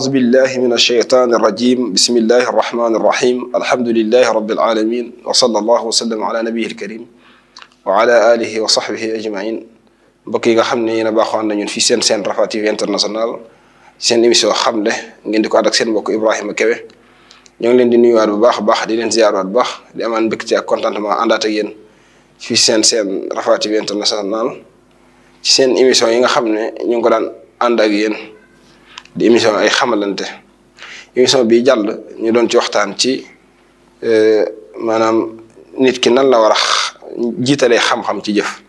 أعوذ بالله من الشيطان الرجيم بسم الله الرحمن الرحيم الحمد لله رب العالمين وصلى الله وسلم على نبيه الكريم وعلى آله وصحبه أجمعين mbokk yi nga xam ne yéen a baaxoon nañu fi seen seen Rafah TV international seen émission xamle ngeen di ko ànd ak seen mbokk Ibrahima Kebe ñoo ngi leen di nuyuwaat bu baax a baax di leen ziyaarwaat bu baax di amaan mbégte ak contentement àndaat ak yéen fi seen seen Rafah TV international ci seen émission yi nga xam ne ñu ngi ko daan ànd ak yéen di émission ay xamalante émission bi jàll ñu doon ci waxtaan ci euh, maanaam nit ki nan la war a jiitalee xam-xam ci jëf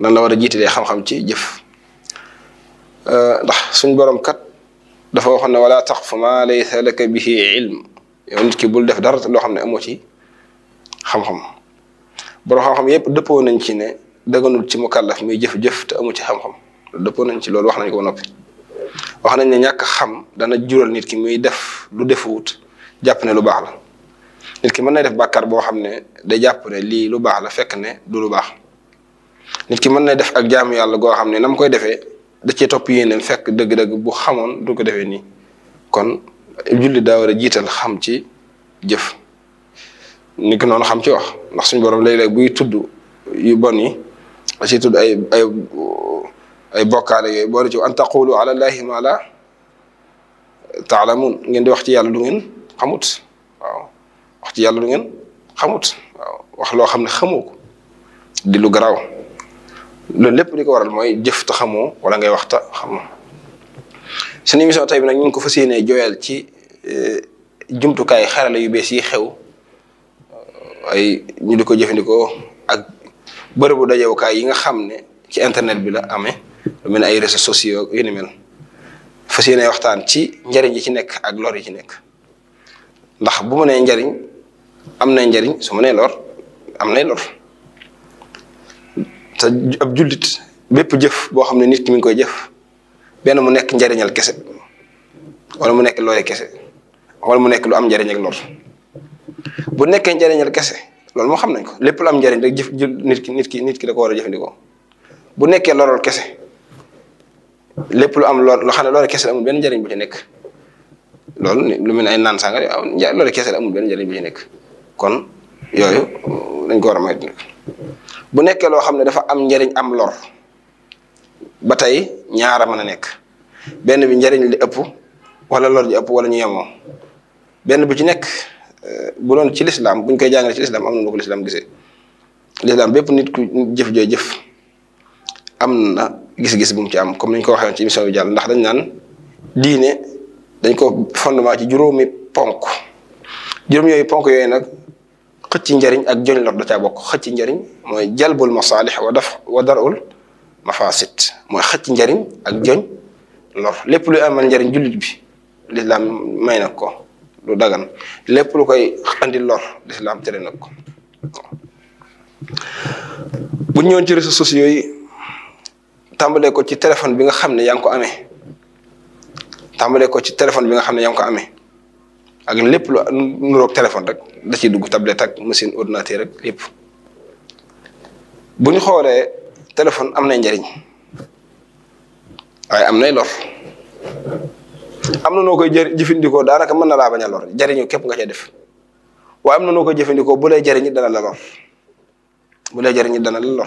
nan na war a jiitalee xam-xam ci jëf ndax suñ borom kat dafa waxoon ne wala taqfu ma laysa laka bihi ilm yow nit ki bul def dara loo xam ne amoo ci xam-xam borom xam-xam yëpp dëppoo nañ ci ne daganul ci mu kàllaf muy jëf-jëf te amu ci xam-xam dëppoo nañ ci loolu wax nañ ko noppi wax nañ ne ñàkk xam dana jural nit ki muy def lu defuwut jàpp ne lu baax la nit ki mën nay def bàkkaar boo xam ne da jàpp ne lii lu baax la fekk ne du lu baax nit ki mën nay def ak jaamu yàlla goo xam ne na koy defee da cee topp yéeneem fekk dëgg-dëgg bu xamoon du ko defee nii kon julli daa war a jiital xam ci jëf nit ki noonu xam ci wax ndax suñu borom léeg-léeg buy tudd yu bon yi da ciy tudd ay bokkaale yooyu boole ci an taqulu ala llahi ma la taalamun ngeen di wax ci yàlla lu ngeen xamut waaw wax ci yàlla du ngeen xamut waaw wax loo xam ne xamoo ko di lu garaaw loolu lépp li ko waral mooy jëf ta xamoo wala ngay wax ta xamoo seen émission tey bi nag ñu ngi ko fas yéenee jooyal ci eh, jumtukaay xarala yu bees yi xew ay ñu di ko jëfandikoo ak bërëbu dajewukaay yi nga xam ne ci internet bi la amee lu mel ne ay réseaux sociaux yu ni mel fas waxtaan ci njariñ yi ci nekk ak lor yi ci nekk ndax bu ma njariñ am na njariñ su ma lor am nay lor te ab jullit bépp jëf boo xam ne nit ki mi ngi koy jëf benn mu nekk njariñal kese wala mu nekk lore kese wala mu nekk lu am njariñ ak lor bu nekkee njariñal kese loolu moo xam nañ ko lépp lu am njariñ rek jëf nit ki nit ki nit ki da ko war a jëfandikoo bu nekkee lorol kese lépp lu am lool loo xam ne lool kese amul benn njëriñ bu ci nekk loolu lu mel ne ay naan sàngara kese amul benn njëriñ bu ci nekk kon yooyu dañ ko war a moytu nekkee loo xam ne dafa am njëriñ am lor ba tey ñaara mën a nekk benn bi njëriñ li ëpp wala lor ji ëpp wala ñu yemoo benn bu ci nekk eh, bu doon ci lislaam buñ koy jàngale ci lislaam am na ko lislaam gisee lislaam bépp nit ku jëf joo jëf am na gis-gis bu mu ci am comme ni ñu ci émission bi jàll ndax dañ naan diine dañ ko fondement ci juróomi ponk juróom yooyu ponk yooyu nag xëcc njariñ ak joñ lor da caa bokk xëcc njariñ mooy jalbul masaalix wa daf wa darul mafasit mooy xëcc njariñ ak joñ lor lépp luy amal njariñ jullit bi lislaam may nag ko lu dagan lépp lu koy andi lor lislaam tere nag ko bu ñëwoon ci réseaux sociaux tàmbalee ko ci téléphone bi nga xam ne yaa ngi ko amee tàmbalee ko ci téléphone bi nga xam ne yaa ngi ko amee ak lépp lu nuroog téléphone rek da ciy dugg tablette ak machine ordinateur rek lépp bu ñu xoolee téléphone am nay njariñ waaye am nay lor am na noo koy jë jëfandikoo daanaka mën na laa bañ a lor jariñu képp nga cay def waaye am na noo koy jëfandikoo bu lay jariñi dana la lor bu lay jariñi dana la lor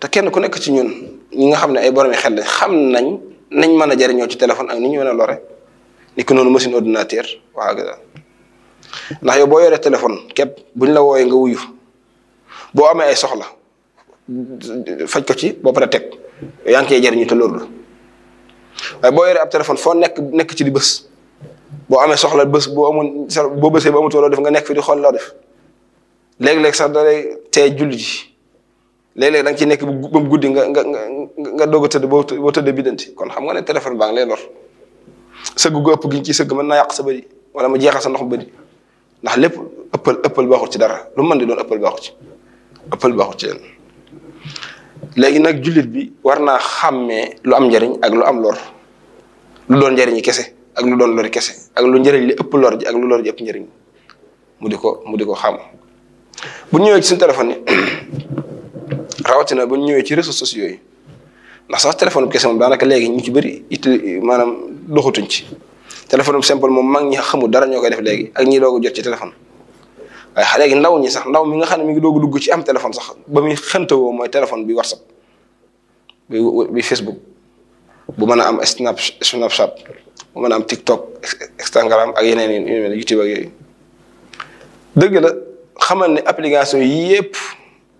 te kenn ku nekk ci ñun ñi nga xam ne ay borom xel la xam nañ nañ mën a jariñoo ci téléphone ak ni ñu mën a lore ni ko noonu machine ordinateur waaw boo yoree téléphone képp buñ la wooyee nga wuyu boo amee soxla faj ko ci boo pare teg yaa ngi koy waaye boo yoree ab téléphone foo nekk nekk ci di bës boo amee soxla bës boo amul boo bësee ba amut loo def nga nekk fi di xool loo def léeg-léeg sax da te tee ji léeg-léeg da ci nekk ba mu guddi nga nga nga nga doog a tëdd boo boo tëdd biddanti kon xam nga ne téléphone baa ngi lay lor sëgg gu ëpp gi ci sëgg mën naa yàq sa bëri wala mu jeexal sa ndox bëri ndax lépp ëppal ëppal baaxul ci dara lu mën di doon ëppal baaxul ci ëppal baaxul ci léegi nag jullit bi war naa xàmmee lu am njariñ ak lu am lor lu doon njariñi kese ak lu doon lori kese ak lu njariñ li ëpp loor ji ak lu lor ji ëpp njariñ mu di ko mu di ko xam bu ñëwee ci suñu yi rawatina bu ñu ñëwee ci réseaux sociaux yi ndax sax téléphone bu kese moom daanaka léegi ñu ci bëri it maanaam doxatuñ ci téléphone bu simple moom mag ñi xamul dara ñoo koy def léegi ak ñi doog jot ci téléphone. waaye léegi ndaw ñi sax ndaw mi nga xam ne mi ngi doog dugg ci am téléphone sax ba muy xëntawoo mooy téléphone bi WhatsApp bi bi Facebook bu mën a am snap Snapchat bu mën a am TikTok Instagram ak yeneen yu mel YouTube ak yooyu dëgg la xamal ne application yii yëpp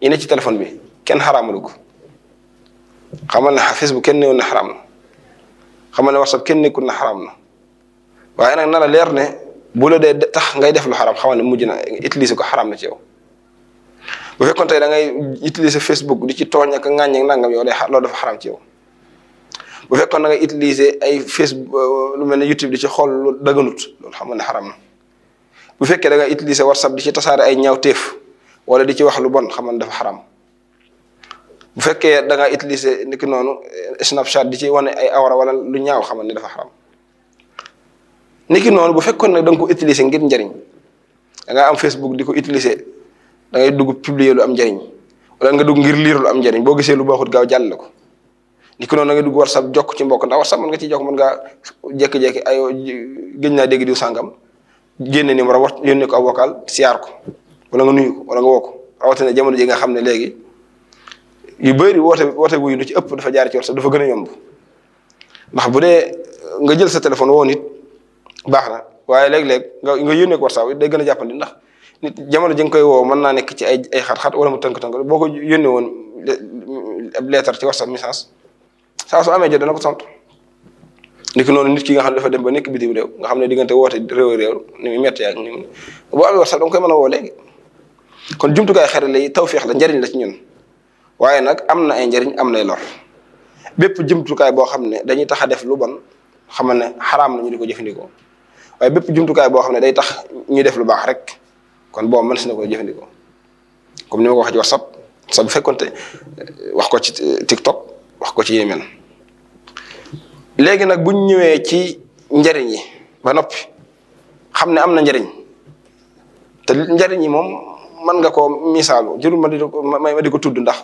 yi ne ci téléphone bi. kenn xaraamalu ko xamal ne Facebook kenn néew na xaraam na xamal ne WhatsApp kenn nekkul na xaraam na waaye nag na leer ne bu la dee tax ngay def lu xaraam xamal ne mujj na utiliser ko xaram na ci yow. bu fekkoon tey da ngay utiliser di ci tooñ ak ŋàññeeg nangam yow day dafa xaram ci yow bu fekkoon da ngay utiliser ay Facebook lu mel ne YouTube di ci xool lu daganut loolu xam ne xaram na bu fekkee da ngay utiliser WhatsApp di ci tasaare ay ñaawteef wala di ci wax lu bon xam nga dafa xaram. bu fekkee da ngaa utiliser noonu eh, snapchat di ci wane ay awra wala lu ñaaw xamal ne dafa xaram ni noonu bu fekkoon nag da nga ko utiliser ngir njariñ da ngaa am facebook di ko utiliser da ngay dugg publier lu am njariñ wala nga dugg ngir lire lu am njariñ boo gisee lu baaxut gaaw jàll ko ni ki noonu da ngay dugg whatsapp jokk ci mbokk ndax whatsapp mën nga ci jokk mën ngaa jékki-jékki ay gëj naa dégg diw sàngam génne numéro war yónnee ko ab vocal siyaar ko wala nga nuyu wala nga woo rawatina jamono ji nga xam ne léegi yu bëri woote woote wuyu lu ci ëpp dafa jaar ci dafa gën a yomb ndax bu dee nga jël sa téléphone woo nit baax na waaye léeg-léeg nga nga yónnee ko WhatsApp day gën a jàppandi ndax nit jamono ji koy woo mën naa nekk ci ay ay xat wala mu tënk-tënk boo ko yónnee woon ab lettre ci WhatsApp message saa su amee jot dana ko sant ni noonu nit ki nga xam ne dafa dem ba nekk bitim réew nga xam ne diggante woo réew réew ni mu métti ak ni mu boo amee danga koy mën a woo léegi kon jumtukaay xarale taw feex la njariñ la ci ñun waaye nag am na ay njariñ am nay lor bépp jumtukaay boo xam ne dañuy tax a def lu bon xamal ne xaraam na ñu di ko jëfandikoo waaye bépp jumtukaay boo xam ne day tax ñuy def lu baax rek kon boo mën si na ko jëfandikoo comme ni ma ko waxee ci whatsapp eh, wax ko ci eh, tiktok wax ko ci yeneen léegi nag bu ñëwee ci njariñ yi ba noppi xam ne am na njariñ te njariñ yi moom. mën nga koo misaalu jërul ma di ko ma di ko tudd ndax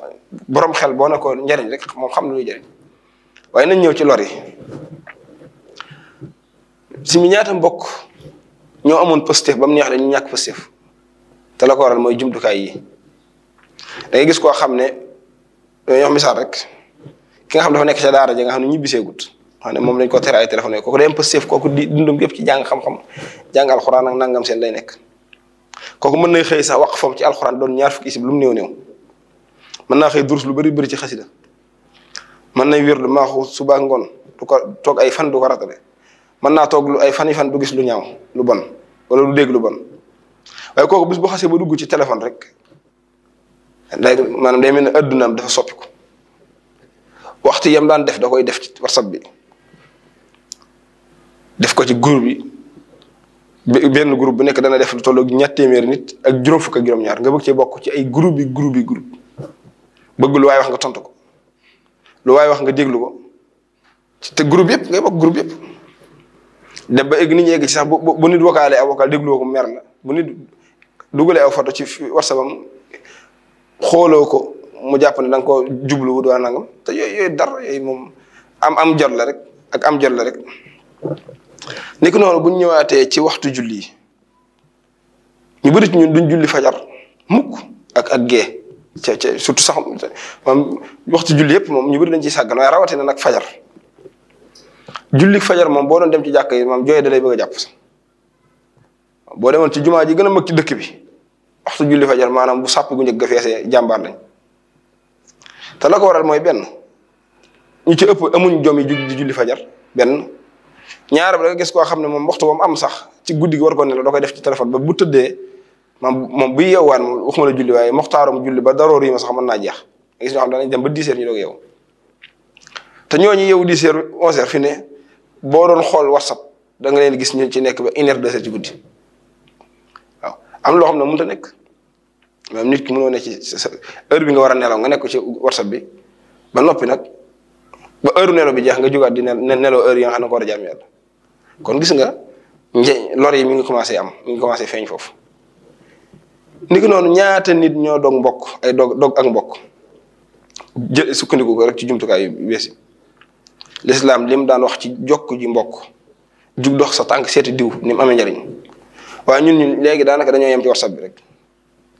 borom xel boo ne njariñ rek moom xam na luy njariñ waaye nañ ñëw ci lori yi si mi ñaata mbokk ñoo amoon positif ba mu neex dañu ñàkk positif te la ko mooy jumtukaay yi da gis koo xam ne yox misaal rek ki nga xam dafa nekk ca daara ja nga xam ne ñibbisee gut xam ne moom lañ ko tere ay téléphone kooku day am positif kooku di dundum yëpp ci jàng xam-xam jàng alxuraan ak nangam seen lay nekk kooku mën nay xëy sax waqfam ci alxuraan doon ñaar fukki isib lu mu néew néew mën naa xëy durus lu bari bëri ci xasida mën nay wér lu maaxu suba ngoon du ko toog ay fan du ko ratale mën naa toog ay fan yi fan du gis lu ñaaw lu bon wala lu dégg lu bon waaye kooku bis bu xasee ba dugg ci téléphone rek day maanaam day mel ne addunaam dafa soppiku waxtu yam daan def da koy def ci whatsapp bi def ko ci groupe bi benn groupe bu nekk dana def lu tolloog nit ak juróom fukk ak juróom-ñaar nga bëgg cee bokk ci ay groupe yi groupe yi groupe bëgg lu waaye wax nga tontu ko lu waaye wax nga déglu ko te groupe yëpp ngay bokk ba egg nit ci sax bu bu nit vocalé ak vocal déglu ko mer na bu nit dugalee aw photo ci whatsapp am xooloo ko mu jàpp ne da nga koo jubluwut wala te yooyu yooyu dara yooyu moom am am jot rek ak am jot la rek. nekk noonu bu ñëwaatee ci waxtu julli ñu bëri ci ñun duñ julli fajar mukk ak ak gee ca surtout sax moom waxtu julli yëpp moom ñu bëri dañ ciy sàggan rawatina nag fajar julli fajar moom boo doon dem ci jàkk yi moom jooy da lay bëgg a jàpp boo demoon ci jumaa ji gën a mag ci dëkk bi waxtu julli fajar maanaam bu sàpp gu njëkk ga feesee jàmbaar lañ te la ko waral mooy benn ñu ci ëpp amuñ jom yi julli fajar benn ñaara ba da nga gis koo xam ne moom waxtu ba mu am sax ci guddi gi war ko ne la da koy def ci téléphone ba bu tëddee moom moom bu yeewaan moom waxuma la julli waaye moxtaaram julli ba daroor yi jeex gis danañ dem ba dix heures ñu doog yow te yow dix heures onze ne boo doon xool whatsapp da nga leen gis ñu ci nekk ba une heure deux heures ci loo xam ne mënut a nekk même nit ki mënoo ne ci heure bi nga war a nelaw nga nekk ci whatsapp bi ba noppi nag ba heure nelaw bi jeex nga jugaat di nelaw heure yi nga xam ne ko war a jaam yàlla kon gis nga njëñ lor yi mi ngi commencé am mi ngi commencé feeñ foofu ni ki noonu ñaata nit ñoo dog mbokk ay dog dog ak mbokk jël sukkandiku rek ci jumtukaay yu wees yi lislaam lim daan wax ci jokk ji mbokk jug dox sa tànk seeti diw ni mu amee njariñ waaye ñun ñun léegi daanaka dañoo yam ci whatsapp bi rek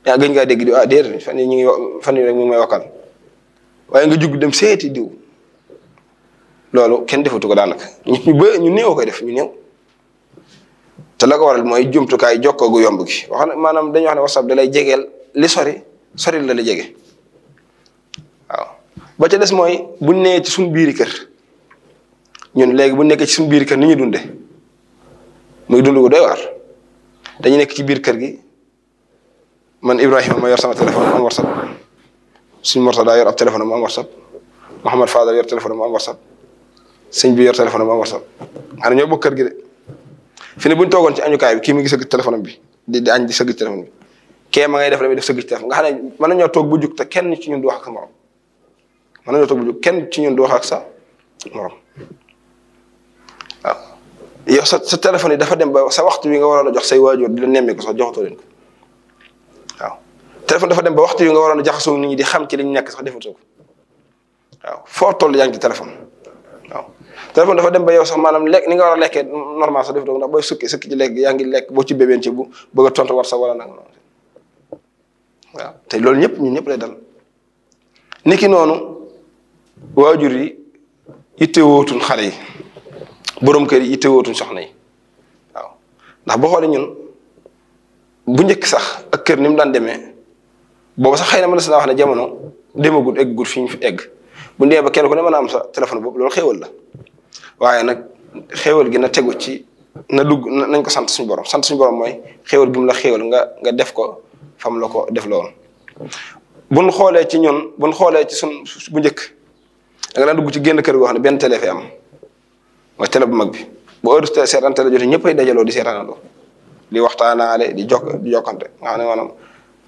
yaa gëj ngaa dégg diw ah déedéet fan yii ñu ngi fan rek mu ngi may wakkal waaye nga jug dem seeti diw loolu kenn defatu ko daanaka ñu ba ñu néew koy def ñu néew te la ko waral mooy jumtukaay jokkoo gu yomb gi wax na maanaam dañuy wax ne whatsapp da lay jegeel li sori sori la la jege waaw ba ca des mooy bu nee ci suñ biiri kër ñun léegi bu nekkee ci suñ biiri kër ni ñu dunde muy dund gu doy waar dañu nekk ci biir kër gi man Ibrahima ma yor sama téléphone am whatsapp suñu Mortada yor ab téléphone am whatsapp Mouhamad Fadal yor am whatsapp sëñ bi yor téléphone am am whatsapp xanaa ñoo bokk kër gi de fi ne bu ñu toogoon ci añukaay bi kii mi ngi sëgg téléphone bi di di añ di sëgg téléphone bi kee ma ngay def damay def sëgg téléphone nañoo toog bu jug te kenn ci ñun du wax ak sa morom mën nañoo toog bu jug kenn ci ñun du wax ak sa morom waaw yow sa sa téléphone dafa dem ba sa waxtu wi nga waroon a jox say waajur di la nemmee ko sax joxatoo leen ko ba waxtu wi nga waroon a jaxasoo nit ñi di xam ci li nekk sax defutoo ko waaw foo toll yaa ngi téléphone dafa dem ba yow sax maanaam lekk ni nga war a lekkee normal sax def doo ndax booy sukki sukki ci lekk yaa ngi lekk boo ci bébeen ci bu bëgg a tontu war sax wala loolu ñëpp ñun ñëpp lay dal niki noonu waajur yi ittewootuñ xale yi borom kër yi ittewootuñ soxna yi ndax boo xoolee ñun bu njëkk sax kër ni mu daan demee boobu sax xëy na mën na wax ne jamono demagul eggul fi ñu fi egg bu dee ba kenn ku ne mën a am sa téléphone boobu loolu xéewal la waaye nag xéewal gi na tegu ci na dugg nañ ko sant suñu borom sant suñu borom mooy xéewal gi mu la xéewal nga nga def ko fam la ko def lool. buñ xoolee ci ñun buñ xoolee ci suñ bu njëkk da nga daan dugg ci génn kër goo ne benn télé fi am mooy télé bu mag bi bu heure seetaan télé jotee ñëppay dajaloo di seetaanandoo di waxtaanaale di jokk di jokkante nga xam ne maanaam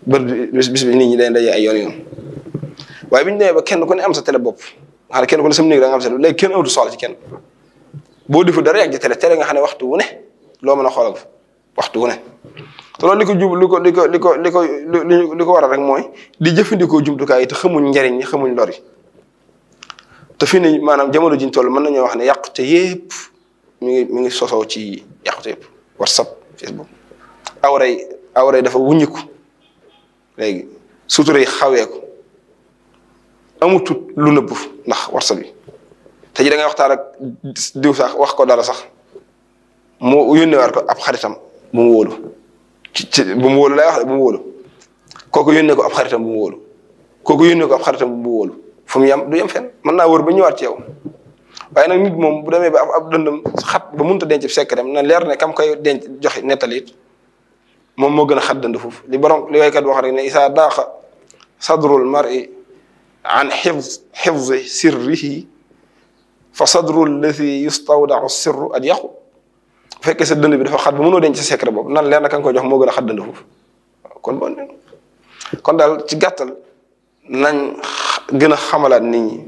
bër bis bi nit ñi dañ daje ay yoon yoon. waaye bi ne demee kenn ku ne am sa télé bopp nga kenn ko ne sam néeg da nga am kenn amatu soxla ci kenn boo defu dara yàgg ci télé télé nga xam ne waxtu wu ne loo mën a xoolal waxtu wu ne te loolu li ko jub li ko li ko li ko li ko li ko waral rek mooy di jëfandikoo jumtukaay yi te xamuñ njariñ yi xamuñ lor te fii ne maanaam jamono jiñ toll mën nañoo wax ne yàqute yëpp mi ngi mi ngi sosoo ci yàqute yëpp whatsapp facebook awray awray dafa wuññiku léegi suturay xawee ko amutut lu nëbb ndax warsa bi te ji da ngay waxtaan ak diw sax wax ko dala sax mu yónneewaat ko ab xaritam bu mu wóolu ci mu wóolu lay wax bu mu wóolu kooku yónnee ko ab xaritam bu mu wóolu kooku yónnee ko ab xaritam bu mu wóolu yam mu yem du yem fenn mën naa wër ba ñëwaat ci yow waaye nag nit moom bu demee ba ab dëndam xat ba mënut a denc secret na leer ne kam koy denc joxe nettaliit moom moo gën a xat dënd foofu li borom li waykat wax rek ne isa daaqa sadrul mar'i an xifz xifzi sirrihi fa sadru alladi yustawdau sirru an yaqu bu fekkee sa dënd bi dafa xat ba mënoo denc sa secret boobu nan leer na ka nga koy jox moo gën a xat dënd foofu kon bon daal ci gàttal nañ gën a xamalaat nit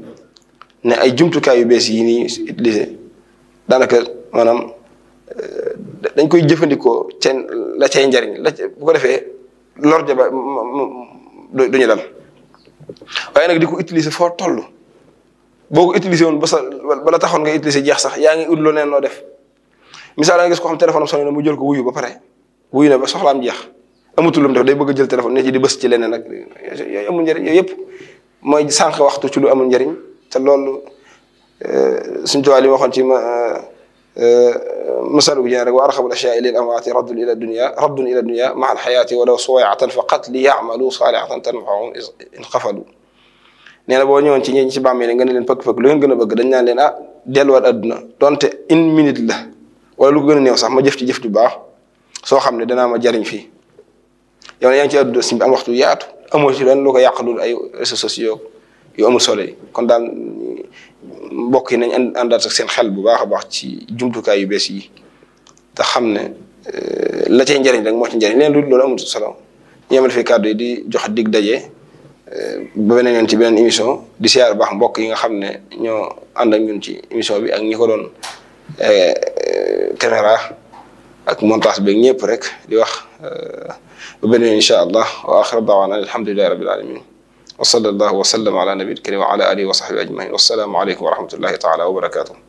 ne ay jumtukaay yu bees yi nii utiliser daanaka maanaam eh, dañ koy jëfandikoo ca la cay njariñ la bu ko defee lor ja ba duñu waaye nag di ko utiliser foo toll boo ko utiliser woon ba sa bala taxoon nga utiliser jeex sax yaa ngi ut neen noo def misaal nga gis ko na mu jël ko wuyu ba pare wuyu ba soxlaam jeex amatul lu mu def day bëgg jël téléphone ne ci di bës ci leneen ak yooyu amul njëriñ yooyu yëpp mooy sànq waxtu ci lu amul njëriñ te loolu euh, suñu tubaab li waxoon ci ma. Euh, masalu bi rek wa arxabu l-ashyaai lil amwaati raddun ila dunya raddun ila dunya maa l-xayaati wa faqat li yaamalu saalihatan tanfa'uhum in xafalu na boo ñëwoon ci ñi ci bàmmeel nga ne leen pëkk-pëkk lu ngeen gën a bëgg dañ naan leen ah delluwaat donte une la wala lu gën a néew sax ma jëf ci jëf ju baax soo xam ne danaa ma jariñ fi yow yaa ngi ci adduna si bi am waxtu yaatu ay réseaux sociaux mbokk yi nañ àndaat ak seen xel bu baax a baax ci jumtukaay yu bees yi te xam ne euh, la cay njëriñ rek moo ci njëriñ leen loolu amul solo ñu fi kàddu yi di jox dig daje euh, ba beneen yoon ci beneen émission di siyaar baax mbokk yi nga xam ne ñoo ànd ak ñun ci émission bi ak ñi ko doon euh, caméra ak montage beeg ñëpp rek di wax ba beneen incha allah a axira daawaana alhamdulillahi rabbil alamin wa sallallahu wa sallam ala nabil karim wa ala alihi wa sahbihi ajmain wassalaamu aleykum wa rahmatullahi taala wa barakatuh